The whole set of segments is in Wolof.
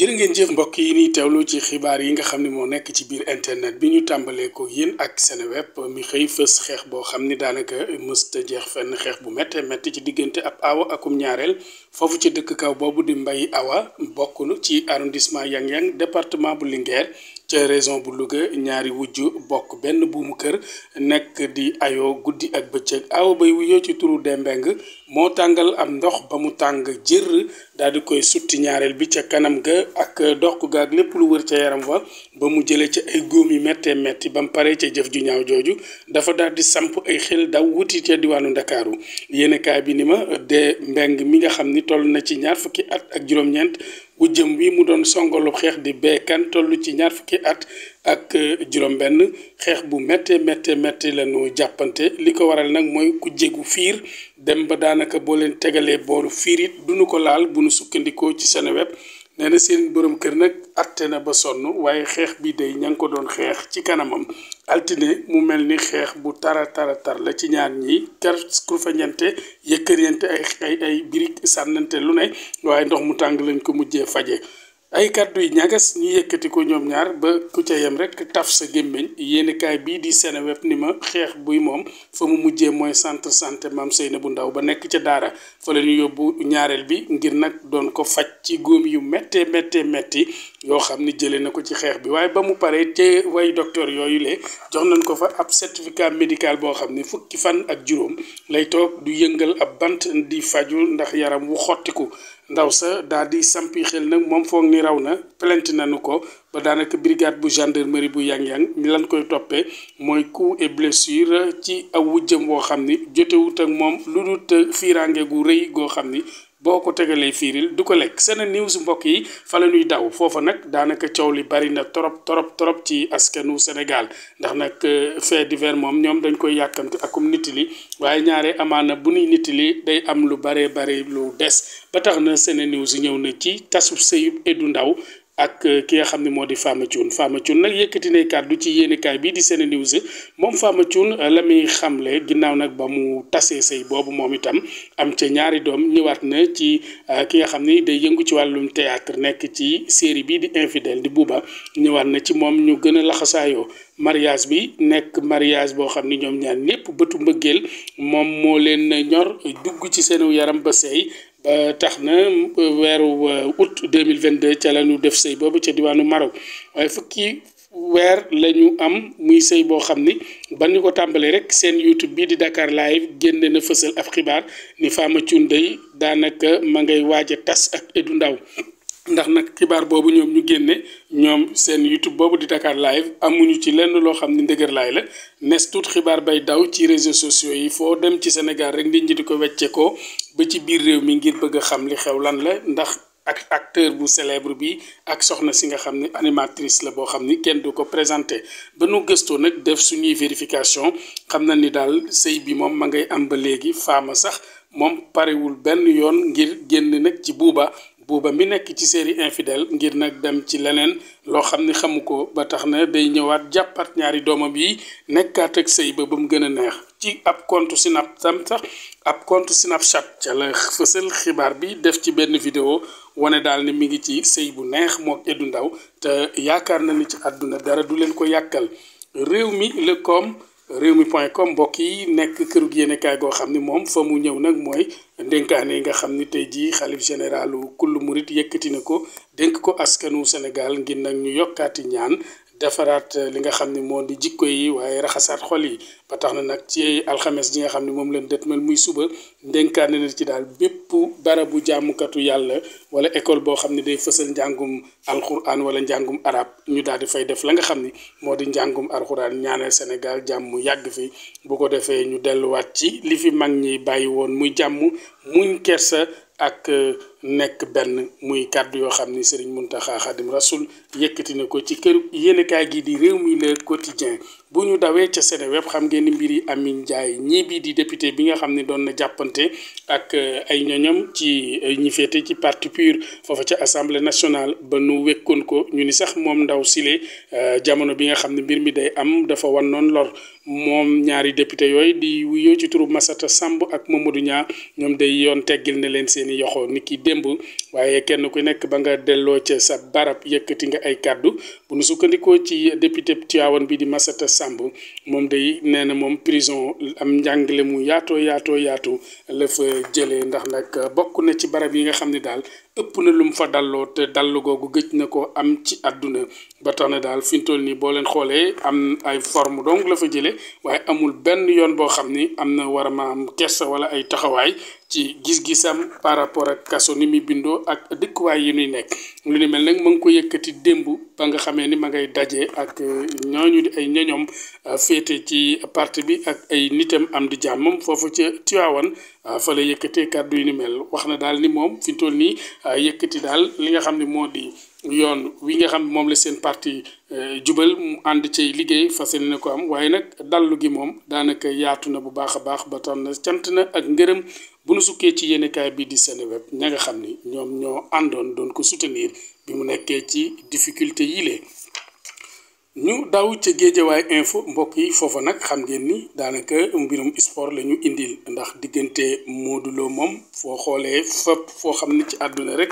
jërë ngeen jëf mbokk yi ni teewlu ci xibaar yi nga xam ne moo nekk ci biir internet bi ñu tàmbalee ko yéen ak seen Seneweb mi xëy fës xeex boo xam ni daanaka mësta jeex fenn xeex bu métte métti ci diggante ab awa akum ñaareel foofu ci dëkk kaw boobu di mbay awa bokk ci arrondissement Yang-Yang département bu Linguère ca région bu Louga ñaari wujj bokk benn buumu kër nekk di ayoo guddi ak bëccëg awa bay wuyoo ci turu Dembeng moo tàngal am ndox ba mu tàng jër daal di koy sutti ñaareel bi ca kanam ga ak doq ga ak lépp lu wër ca yaram wa ba mu jëlee ca ay góom yu méttee métti ba mu paree ca jëf ju ñaaw jooju dafa daal di samp ay xel daw wuti ca diwaanu ndakaaru yéenekaay bi ni ma de mbeng mi nga xam ni toll na ci ñaar fukki at ak juróom-ñeent bu jëm wi mu doon lu xeex di beekan toll ci ñaar fukki at ak euh, juróom-benn xeex bu méttee méttee méttee la jàppante li ko waral nag mooy ku jégu fiir dem ba daanaka boo leen tegalee boolu fiir it du nu ko laal bu nu sukkandikoo ci Seneweb nee na seen borom kër nag atte na ba sonn waaye xeex bi day ña ngi ko doon xeex ci kanamam altine mu mel ni xeex bu tara tara tar la ci ñaar ñi kar ku fa ñente yëkkëriñante ay ay sànnante lu ne waaye ndox mu tàng lañ ko mujjee faje ay kàddu yi ñagas ñu yëkkati ko ñoom ñaar ba ku ca yem rek taf sa gémmiñ yéenekaay bii di Seneweb ni ma xeex buy moom fa mu mujjee mooy centre santé maam bu Ndaw ba nekk ca daara fa la yóbbu ñaareel bi ngir nag doon ko faj ci góom yu mettee méttee métti yoo xam ni jëlee na ko ci xeex bi waaye ba mu paree te way docteur yooyu le jox nañ ko fa ab certificat médical boo xam ni fukki fan ak juróom lay toog du yëngal ab bant di faju ndax yaram wu xottiku ndaw sa daal di sampi xel nag moom foog ni raw na plainte nañu ko ba daanaka brigade bu gendarmerie bu yang-yang mi lan koy toppee mooy coup et blessure ci aw wujjëm woo xam ni jotewut ak moom lu dut fiiraange gu rëy goo xam ni boo ko tegalee fiiril du ko lekk seen news mbokk yi fa la ñuy daw foofa nag daanaka coow li bari na torop torop torop ci askanu Sénégal ndax nag euh, fait divers moom ñoom dañ koy yàkkamti akum nit li waaye ñaare amaana bu nuy nit li day am lu baree bari lu des ba tax na seen news ñëw na ci tasub sëyub Edu Ndaw ak euh, ki nga xam ne moo di Fama Thioune Fama Thioune nag yëkkati nay kàddu ci yéenekaay bii di Sene News moom Fama Thioune euh, la muy xamle ginnaaw nag ba mu tasee sëy boobu moom itam am ca ñaari doom ñëwaat na ci euh, ki nga xam ni day yëngu ci wàllum théâtre nekk ci série bii di infidèle di Bouba ñëwaat na ci moom ñu gën a laxasaayoo mariage bi nekk mariage boo xam ni ñoom ñaar ñëpp bëtu mbëggeel moom moo leen ñor dugg ci seenu yaram ba sëy ba tax na weeru euh, août deux mille vingt deux ca la ñu def sëy boobu ca diwaanu Maroc waaye fukki weer lañu am muy sëy boo xam ni ba ñu ko tàmbalee rek seen YouTube bii di Dakar live génne na fësal ab xibaar ni Fama Thioune day daanaka ma ngay waaj a tas ak Edu Ndaw ndax nag xibaar boobu ñoom ñu génne ñoom seen YouTube boobu di Dakar live amuñu ci lenn loo xam ni ndëgër laay la nes tuut xibaar bay daw ci réseau sociaux yi foo dem ci Sénégal rek nit ñi di ko wecce ko ba ci biir réew mi ngir bëgg a xam li xew lan la ndax ak acteur bu célèbre bi ak soxna si nga xam ne animatrice la boo xam ni kenn du ko présenté ba nu gëstoo nag def suñuy vérification xam na ni daal sëy bi moom ma ngay am ba léegi faama sax moom parewul benn yoon ngir génn nag ci buuba buuba mi nekk ci série infidèle ngir nag dem ci leneen loo xam ni xamu ko ba tax na day ñëwaat jàppat ñaari doomam yi nekkaat ak sëy ba ba mu gën a neex ci ab compte Snap tam sax ab compte Snapchat ca la fësal xibaar bi def ci benn vidéo wane daal ni mi ngi ci sëy bu neex mook Edu Ndaw te yaakaar na ni ci àdduna dara du leen ko yàkkal réew mi le koom réew mi point com mbokk yi nekk këru yéenekaay goo xam ni moom fa mu ñëw nag mooy ndénkaane yi nga xam ni tey jii xalif généralu kull murit yëkkati na ko dénk ko askanu Sénégal ngir nag ñu yokkaati ñaan defaraat euh, li nga xam ne moo di jikko yi waaye raxasaat xol yi ba tax na nag ci alxames ji nga xam ne moom leen dëtmal muy suba ndénkaane na ci daal bépp barabu jàmmukatu yàlla wala école boo xam ne day fësal njàngum alxuraan wala njàngum arab ñu daal di fay def la nga xam ni moo di njàngum alxuraan ñaanal Sénégal jàmm yàgg fi bu ko defee ñu delluwaat ci li fi mag ñi bàyyi woon muy jàmm muñ kersa ak euh, nekk benn muy kàddu yoo xam ni Serigne Mountakha Khadim Rasoul yëkkati na ko ci kër yéenekaay gi di réew mi le quotidien bu ñu dawee ca Seneweb xam ngeen ni mbiri Amine Ndiaye ñii bii di député bi nga xam ne doon na jàppante ak eh, ay ñoñam ci eh, ñi féete ci parti pur foofu ca assemblée nationale ba nu wekkoon ko ñu ni sax moom ndaw sile eh, jamono bi nga xam ne mbir mi day am dafa wan noon lor moom ñaari député yooyu di wuyoo ci turu Massata Samb ak Mamadou Niang ñoom day yoon leen seen i démb waaye kenn ku nekk ba nga delloo ci sa barab yëkkati nga ay kàddu bu nu sukkandikoo ci député Tivaouane bi di Massata Samb moom day nee na moom prison am njàngale mu yaatoo yaatoo yaatu la fa jëlee ndax nag bokk na ci barab yi nga xam ne daal ëpp na lu mu fa dalloo te dallu googu gëj na ko am ci àdduna ba tax na daal fi mu toll nii boo leen xoolee am ay forme donc la fa jëlee waaye amul benn yoon boo xam ni am na war a maam kersa wala ay taxawaay ci gis-gisam par rapport ak kaso ni muy bindoo ak dëkkuwaay yi muy nekk lu ni mel nag ma ngi ko yëkkati démb ba nga xamee ni ma ngay daje ak ñooñu di ay ñoñom euh, féete ci parti bi ak ay nitam am di jàmmam foofu ca Tiwaawan euh, fa la kàddu yu ni mel wax na daal ni moom fi toll nii euh, yëkkati daal li nga xam ni moo di yoon wi nga xam moom la seen parti jubal mu ànd ci liggéey fa yéene na ko am waaye nag dallu gi moom daanaka yaatu na bu baax a baax ba tax na cant na ak ngërëm bu nu sukkee ci yéenekaay bi di Seneweb ña xam ni ñoom ñoo àndoon doon ko soutenir bi mu nekkee ci difficulté yi lee ñu daw ca géejawaay info mbokk yi foofa nag xam ngeen ni daanaka mbirum sport la ñu indil ndax diggante Modou moom foo xoolee fépp foo xam ne ci àdduna rek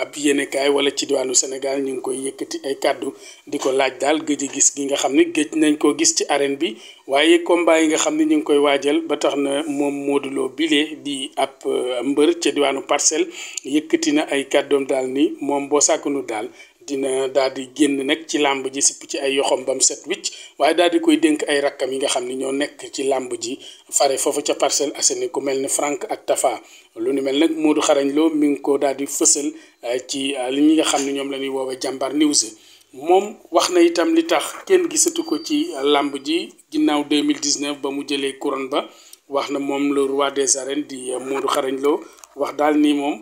ab yéenekaay wala ci diwaanu Sénégal ñu ngi koy yëkkati ay kàddu di ko laaj daal gëj gis gi nga xam ne gëj nañ koo gis ci arène bi waaye combat yi nga xam ne ñu ngi koy waajal ba tax na moom Modou Lo di ab euh, mbër ca diwaanu parcelle yëkkati na ay kàddoom daal ni moom boo sàkkunu daal dina daal di génn nag ci làmb ji sipp ci ay yoxom bam set wicc waaye daal di koy dénk ay rakkam yi nga xam ni ñoo nekk ci làmb ji fare foofu ca parcelle Assainies ku mel ne Franck ak Tafa lu ni mel nag Modou Xarañ Lo mi ngi ko daal di fësal eh, ci eh, li ñi nga xam ne ñoom la ñuy woowee jàmbar news moom wax na itam li tax kenn gisatu ko ci làmb ji ginnaaw 2019 ba mu jëlee couronne ba wax na moom le roi des arènes di eh, Modou Xarañ Lo wax daal nii moom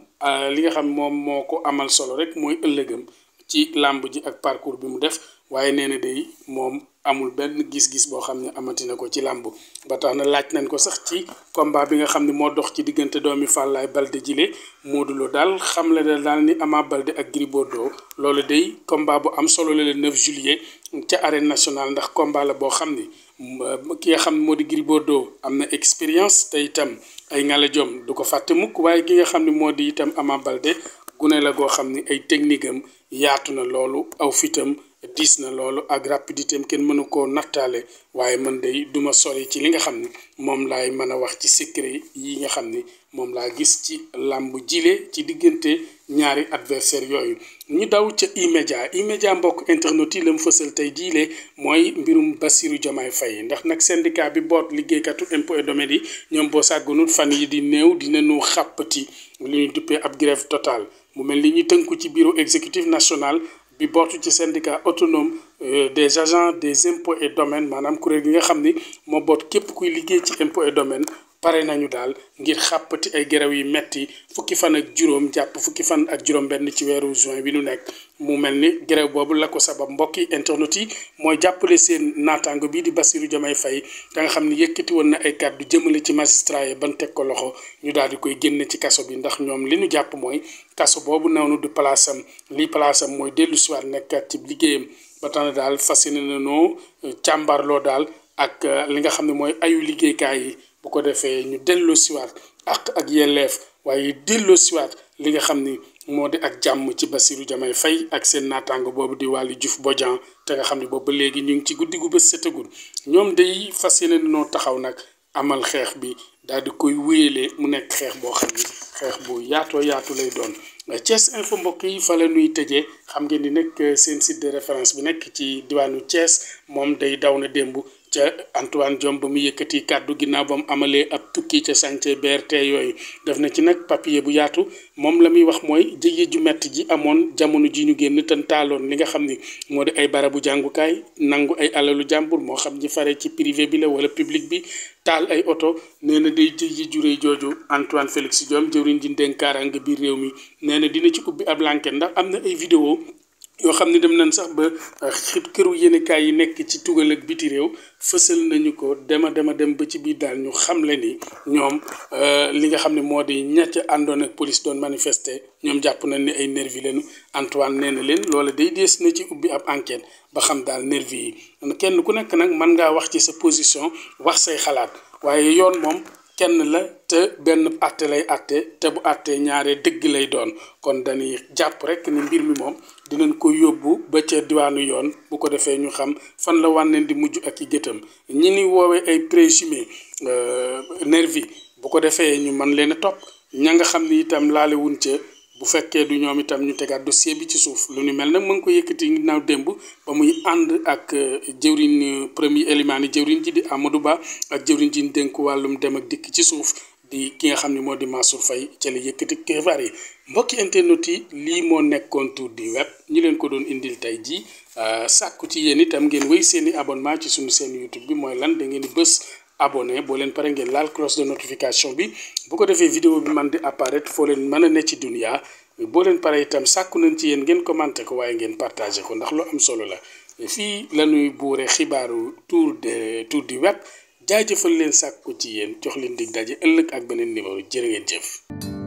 li nga xam moom moo ko amal solo rek mooy ëllëgam ci làmb ji ak parcours bi mu def waaye nee na day moom amul benn gis-gis boo xam ne amati na ko ci làmb ba tax na laaj nañ ko sax ci combat bi nga xam ne moo dox ci diggante doomi Fallaye Balde jile Modou Lo daal xam la ne daal ni Ama ak Gris Bordeaux loolu day combat bu am solo la le 9 juillet ca arène ndax combat boo xam ni ki nga xam moo di Gris Bordeaux am na expérience tey itam ay ngala jom du ko fàtte mukk waaye ki nga xam ne moo di itam Ama Balde gune la goo xam ni ay technique am yaatu na loolu aw fitam diis na loolu ak rapidité kenn mënu koo nattaale waaye man de duma sori ci li nga xam ni moom laay mën a wax ci secret yi nga xam ni moom laa gis ci làmb jile ci diggante ñaari adversaire yooyu ñu daw ca immédiat immédiat mbokk internet yi la mu fësal tey jiile mooy mbirum Bassirou fay Faye ndax nag syndicat bi boot liggéeykatu impo et domaine ñoom boo sàggunut fan yi di néew dinañu xàppati li ñu duppee ab grève total mu mel ni ñu tënku ci bureau exécutif national bi bootu ci syndicat autonome euh, des agents des impôts et domaines maanaam kuréel gi nga xam ni moo boot képp kuy liggéey ci impôts et domaines pare nañu daal ngir xàppati ay gerew yi metti fukki fan ak juróom jàpp fukki fan ak juróom benn ci weeru juin bi nu nekk mu mel ni gerew boobu la ko sabab mbokki internet yi mooy jàppale seen naataango bii di Bassirou Diomaye Faye da nga xam ne yëkkati woon na ay kàddu jëmale ci magistrat yi ban teg ko loxo ñu daal di koy génne ci kaso bi ndax ñoom li nu jàpp mooy kaso boobu noonu di palaasam lii palaasam mooy dellu siwaat nekkaat ci liggéeyam ba tax na daal fas yéene na noo càmbarloo daal ak eh, li nga xam ne mooy ayu liggéeykaay yi bu ko defee ñu delloo siwaat ak ak yelleef waaye delloo siwaat li nga xam ni moo di ak jàmm ci Bassirou jamay fay ak seen naataango boobu di Waly Diouf Bodian te nga xam ne boobu ba léegi ñu ngi ci guddi gu bés setagul ñoom day fas yéene noo taxaw nag amal xeex bi daal di koy wéyalee mu nekk xeex boo xam ni xeex bu yaatoo yaatu lay doon Thiès info mbokk yi fa la nuy tëjee xam ngeen ni nekk seen site de référence bi nekk ci diwaanu Thiès moom day daw na démb ca Antoine jomb ba mu yëkkati kàddu ginnaaw ba mu amalee ab tukki ca chantier BRT yooyu def na ci nag papier bu yaatu moom la muy wax mooy jëye ju mett ji amoon jamono ji ñu génn te taaloon li nga xam ni moo de ay barabu jàngukaay nangu ay alalu jàmbur moo xam ñi fare ci privé bi la wala public bi taal ay oto nee na day jëye ju jooju Antoine Félix Diome jëwriñ ji dénkaaraange biir réew mi nee na dina ci ubbi ab lànket ndax am na ay vidéo yoo xam ne dem nañ sax ba euh, këru yéenekaay yi nekk ci tugal ak biti réew fësal nañu ko dema dema dem ba ci biir daal ñu xam le ni ñoom euh, li nga xam ne moo di ñàcc àndoon ak police doon manifester ñoom jàpp nañ ne ay nervi lañu Antoine nee na leen loola day dees na ci ubbi ab enquête ba xam daal nervi yi kenn ku nekk nag mën ngaa wax ci sa position wax say xalaat waaye yoon moom kenn la te benn àtte lay àtte te bu àttee ñaare dëgg lay doon kon dañuy jàpp rek ni mbir mi moom dinañ ko yóbbu ba ca diwaanu yoon bu ko defee ñu xam fan la wànneen di mujj ak i gëtam ñi ni woowee ay présumé euh, nervi bu ko defee ñu man leen a topp ña nga xam ni itam laale wuñ ca bu fekkee du ñoom itam ñu tegaat dossier bi ci suuf lu ñu mel nag mu ngi ko yëkkati naaw démb ba muy ànd ak euh, jëwriñ euh, premier élimaan yi jëwriñ ji di Amadou Ba ak jëwriñ ji dénk wàllum dem ak dikk ci suuf di ki nga xam ne moo di Mansour Faye ca la yëkkati xibaar yi mbokki internet yi lii moo nekkoon tour di web ñu leen ko doon indil tey jii euh, sàkku ci yéen itam ngeen wéy seen i abonnement ci suñu seen YouTube bi mooy lan da ngeen di bës. abonné boo leen pare ngeen laal cloche de notification bi bu ko defee vidéo bi man di apparaître foo leen mën a ne ci dunia boo leen pare itam sàkku nañ ci yéen ngeen commenté ko waaye ngeen partagé ko ndax lu am solo la fii la ñuy buure xibaaru tour de tour di web jaajëfal leen sàkku ci yéen jox leen dig daje ëllëg ak beneen numéro jërë ngeen jëf